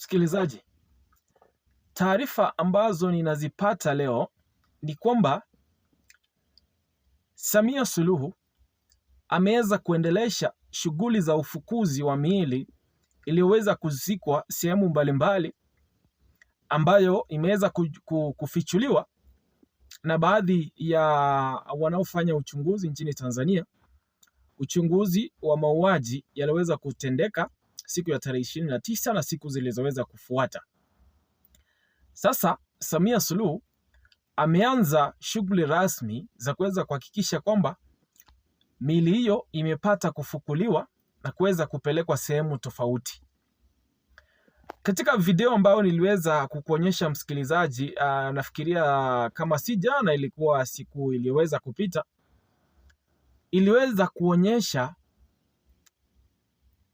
Msikilizaji, taarifa ambazo ninazipata leo ni kwamba Samia Suluhu ameweza kuendelesha shughuli za ufukuzi wa miili iliyoweza kuzikwa sehemu mbalimbali ambayo imeweza kufichuliwa na baadhi ya wanaofanya uchunguzi nchini Tanzania, uchunguzi wa mauaji yaliyoweza kutendeka siku ya tarehe ishirini na tisa na siku zilizoweza kufuata. Sasa Samia Suluhu ameanza shughuli rasmi za kuweza kuhakikisha kwamba miili hiyo imepata kufukuliwa na kuweza kupelekwa sehemu tofauti. Katika video ambayo niliweza kukuonyesha msikilizaji, ah, nafikiria kama si jana, ilikuwa siku iliyoweza kupita, iliweza kuonyesha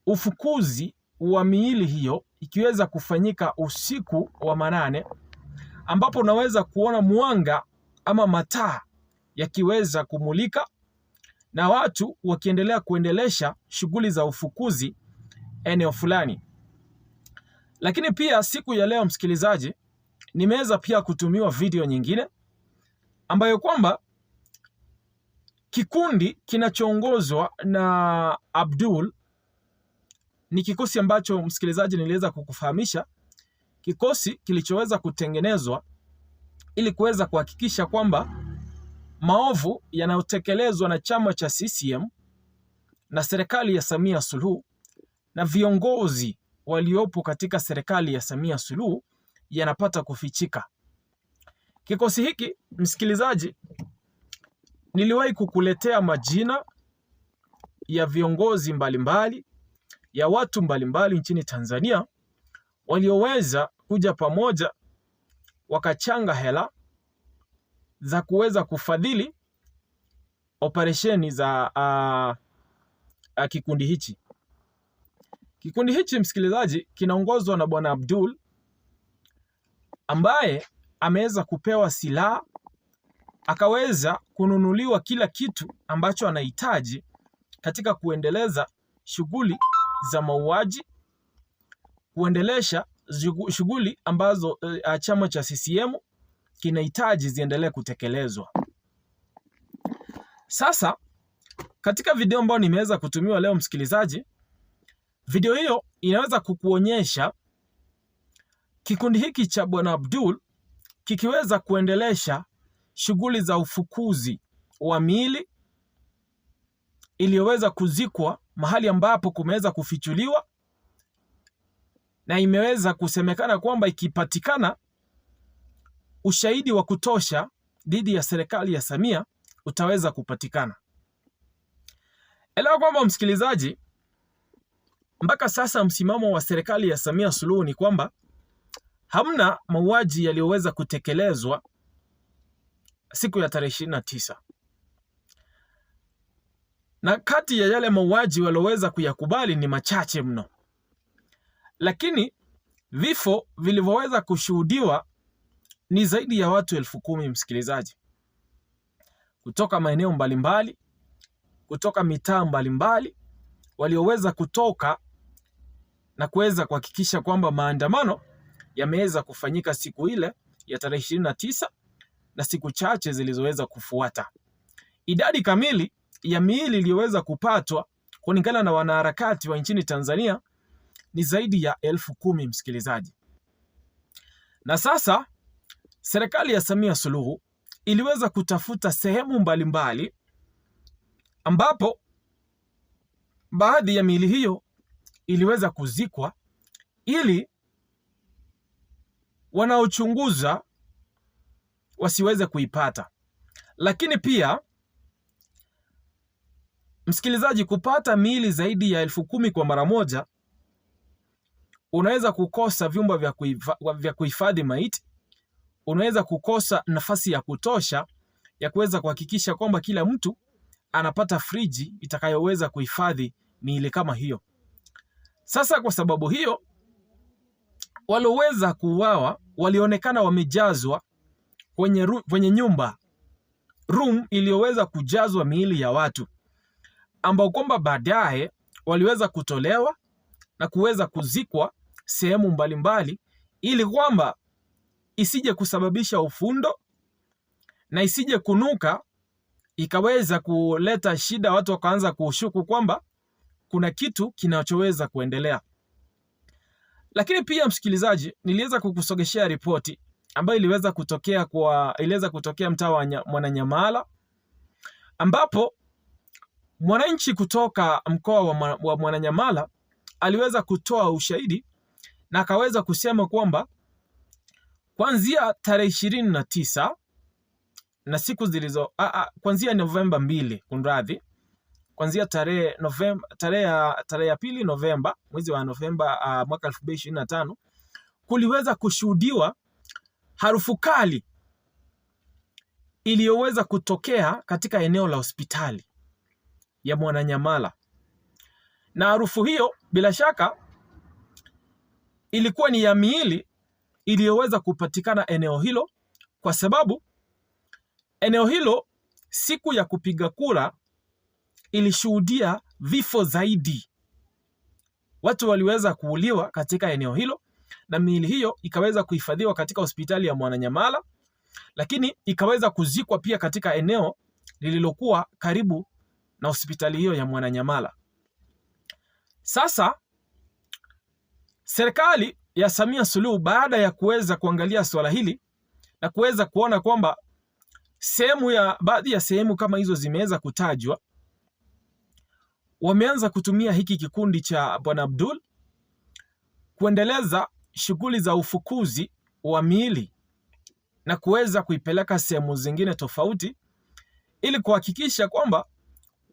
ufukuzi wa miili hiyo ikiweza kufanyika usiku wa manane, ambapo unaweza kuona mwanga ama mataa yakiweza kumulika na watu wakiendelea kuendelesha shughuli za ufukuzi eneo fulani. Lakini pia siku ya leo, msikilizaji, nimeweza pia kutumiwa video nyingine ambayo kwamba kikundi kinachoongozwa na Abdul ni kikosi ambacho msikilizaji, niliweza kukufahamisha, kikosi kilichoweza kutengenezwa ili kuweza kuhakikisha kwamba maovu yanayotekelezwa na chama cha CCM na serikali ya Samia Suluhu na viongozi waliopo katika serikali ya Samia Suluhu yanapata kufichika. Kikosi hiki msikilizaji, niliwahi kukuletea majina ya viongozi mbalimbali ya watu mbalimbali nchini Tanzania walioweza kuja pamoja wakachanga hela za kuweza kufadhili operesheni za a, a kikundi hichi. Kikundi hichi msikilizaji, kinaongozwa na Bwana Abdul ambaye ameweza kupewa silaha akaweza kununuliwa kila kitu ambacho anahitaji katika kuendeleza shughuli za mauaji, kuendelesha shughuli ambazo uh, chama cha CCM kinahitaji ziendelee kutekelezwa. Sasa katika video ambayo nimeweza kutumiwa leo, msikilizaji, video hiyo inaweza kukuonyesha kikundi hiki cha Bwana Abdul kikiweza kuendelesha shughuli za ufukuzi wa miili iliyoweza kuzikwa mahali ambapo kumeweza kufichuliwa na imeweza kusemekana kwamba ikipatikana ushahidi wa kutosha dhidi ya serikali ya Samia utaweza kupatikana. Elewa kwamba msikilizaji, mpaka sasa msimamo wa serikali ya Samia Suluhu ni kwamba hamna mauaji yaliyoweza kutekelezwa siku ya tarehe ishirini na tisa na kati ya yale mauaji walioweza kuyakubali ni machache mno, lakini vifo vilivyoweza kushuhudiwa ni zaidi ya watu elfu kumi msikilizaji, kutoka maeneo mbalimbali, kutoka mitaa mbalimbali, walioweza kutoka na kuweza kuhakikisha kwamba maandamano yameweza kufanyika siku ile ya tarehe ishirini na tisa na siku chache zilizoweza kufuata. Idadi kamili ya miili iliyoweza kupatwa kulingana na wanaharakati wa nchini Tanzania ni zaidi ya elfu kumi msikilizaji. Na sasa serikali ya Samia Suluhu iliweza kutafuta sehemu mbalimbali mbali, ambapo baadhi ya miili hiyo iliweza kuzikwa ili wanaochunguza wasiweze kuipata, lakini pia Msikilizaji, kupata miili zaidi ya elfu kumi kwa mara moja, unaweza kukosa vyumba vya kuhifadhi maiti, unaweza kukosa nafasi ya kutosha ya kuweza kuhakikisha kwamba kila mtu anapata friji itakayoweza kuhifadhi miili kama hiyo. Sasa kwa sababu hiyo, walioweza kuuawa walionekana wamejazwa kwenye, kwenye nyumba room iliyoweza kujazwa miili ya watu ambao kwamba baadaye waliweza kutolewa na kuweza kuzikwa sehemu mbalimbali, ili kwamba isije kusababisha ufundo na isije kunuka ikaweza kuleta shida, watu wakaanza kushuku kwamba kuna kitu kinachoweza kuendelea. Lakini pia msikilizaji, niliweza kukusogeshea ripoti ambayo iliweza kutokea kwa iliweza kutokea mtaa wa Mwananyamala ambapo Mwananchi kutoka mkoa wa Mwananyamala aliweza kutoa ushahidi na akaweza kusema kwamba kuanzia tarehe ishirini na tisa na siku zilizo kuanzia Novemba mbili, kunradhi, kuanzia tarehe Novemba tarehe ya pili Novemba mwezi wa Novemba uh, mwaka elfu mbili ishirini na tano kuliweza kushuhudiwa harufu kali iliyoweza kutokea katika eneo la hospitali ya Mwananyamala, na harufu hiyo bila shaka ilikuwa ni ya miili iliyoweza kupatikana eneo hilo, kwa sababu eneo hilo siku ya kupiga kura ilishuhudia vifo zaidi. Watu waliweza kuuliwa katika eneo hilo na miili hiyo ikaweza kuhifadhiwa katika hospitali ya Mwananyamala, lakini ikaweza kuzikwa pia katika eneo lililokuwa karibu na hospitali hiyo ya Mwananyamala. Sasa serikali ya Samia Suluhu baada ya kuweza kuangalia swala hili na kuweza kuona kwamba sehemu ya baadhi ya sehemu kama hizo zimeweza kutajwa, wameanza kutumia hiki kikundi cha Bwana Abdul kuendeleza shughuli za ufukuzi wa miili na kuweza kuipeleka sehemu zingine tofauti ili kuhakikisha kwamba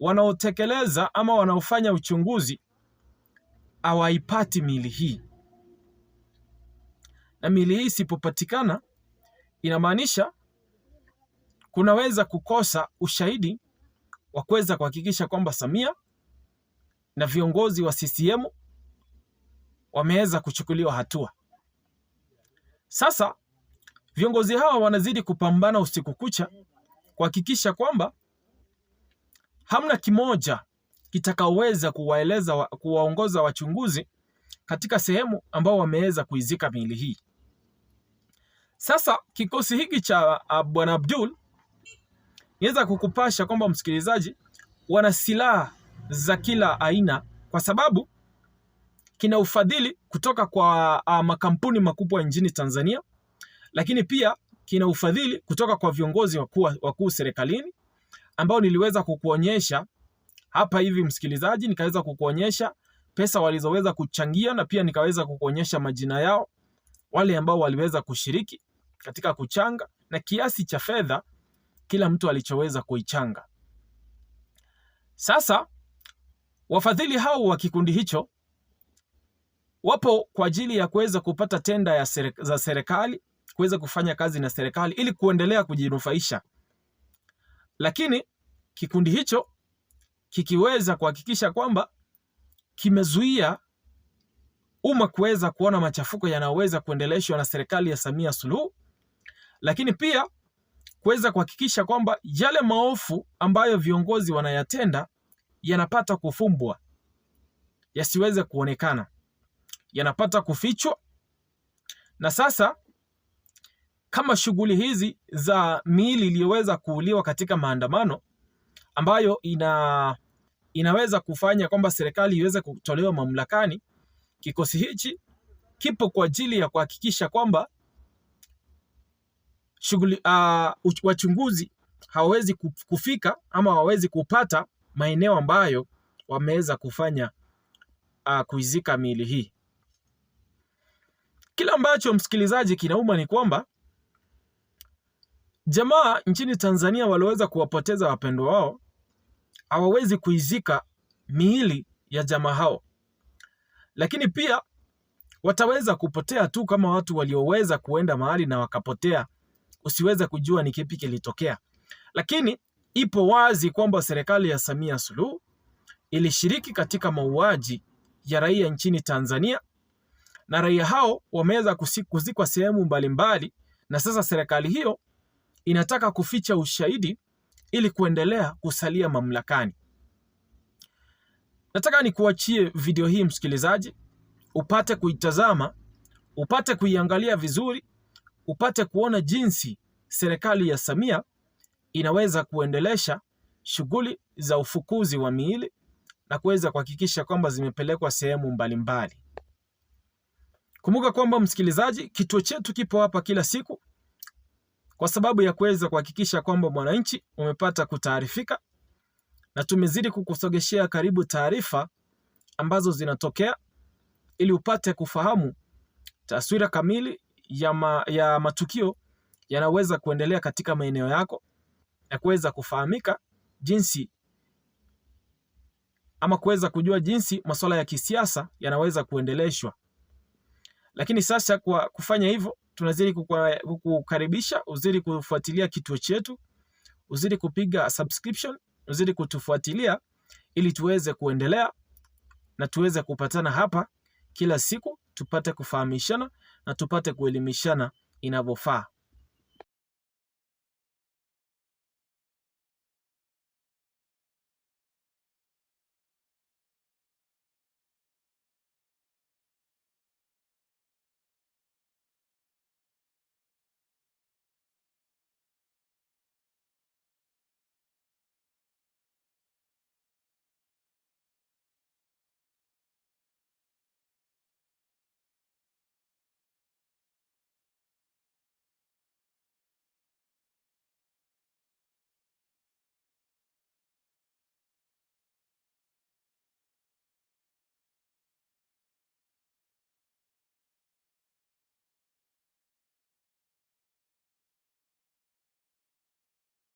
wanaotekeleza ama wanaofanya uchunguzi hawaipati mili hii, na mili hii isipopatikana, inamaanisha kunaweza kukosa ushahidi wa kuweza kuhakikisha kwamba Samia na viongozi wa CCM wameweza kuchukuliwa hatua. Sasa viongozi hawa wanazidi kupambana usiku kucha kuhakikisha kwamba hamna kimoja kitakaweza kuwaeleza wa, kuwaongoza wachunguzi katika sehemu ambao wameweza kuizika miili hii. Sasa kikosi hiki cha ah, Bwana Abdul niweza kukupasha kwamba msikilizaji, wana silaha za kila aina, kwa sababu kina ufadhili kutoka kwa a, ah, makampuni makubwa nchini Tanzania, lakini pia kina ufadhili kutoka kwa viongozi wakuu serikalini ambao niliweza kukuonyesha hapa hivi msikilizaji, nikaweza kukuonyesha pesa walizoweza kuchangia na pia nikaweza kukuonyesha majina yao wale ambao waliweza kushiriki katika kuchanga na kiasi cha fedha kila mtu alichoweza kuichanga. Sasa wafadhili hao wa kikundi hicho wapo kwa ajili ya kuweza kupata tenda ya sere, za serikali kuweza kufanya kazi na serikali ili kuendelea kujinufaisha lakini kikundi hicho kikiweza kuhakikisha kwamba kimezuia umma kuweza kuona machafuko yanayoweza kuendeleshwa na serikali ya Samia Suluhu, lakini pia kuweza kuhakikisha kwamba yale maofu ambayo viongozi wanayatenda yanapata kufumbwa, yasiweze kuonekana, yanapata kufichwa. Na sasa kama shughuli hizi za miili iliyoweza kuuliwa katika maandamano ambayo ina inaweza kufanya kwamba serikali iweze kutolewa mamlakani. Kikosi hichi kipo kwa ajili ya kuhakikisha kwamba shughuli uh, wachunguzi hawawezi kufika ama hawawezi kupata maeneo ambayo wameweza kufanya uh, kuizika miili hii. Kila ambacho msikilizaji kinauma ni kwamba Jamaa nchini Tanzania walioweza kuwapoteza wapendwa wao hawawezi kuizika miili ya jamaa hao, lakini pia wataweza kupotea tu kama watu walioweza kuenda mahali na wakapotea, usiweza kujua ni kipi kilitokea. Lakini ipo wazi kwamba serikali ya Samia Suluhu ilishiriki katika mauaji ya raia nchini Tanzania na raia hao wameweza kuzikwa sehemu mbalimbali, na sasa serikali hiyo inataka kuficha ushahidi ili kuendelea kusalia mamlakani. Nataka nikuachie video hii msikilizaji, upate kuitazama, upate kuiangalia vizuri, upate kuona jinsi serikali ya Samia inaweza kuendelesha shughuli za ufukuzi wa miili na kuweza kuhakikisha kwamba zimepelekwa sehemu mbalimbali. Kumbuka kwamba msikilizaji, kituo chetu kipo hapa kila siku kwa sababu ya kuweza kuhakikisha kwamba mwananchi umepata kutaarifika, na tumezidi kukusogeshea karibu taarifa ambazo zinatokea ili upate kufahamu taswira kamili ya, ma, ya matukio yanaweza kuendelea katika maeneo yako na kuweza kufahamika jinsi ama kuweza kujua jinsi masuala ya kisiasa yanaweza kuendeleshwa. Lakini sasa kwa kufanya hivyo tunazidi kukukaribisha uzidi kufuatilia kituo chetu, uzidi kupiga subscription, uzidi kutufuatilia ili tuweze kuendelea na tuweze kupatana hapa kila siku, tupate kufahamishana na tupate kuelimishana inavyofaa.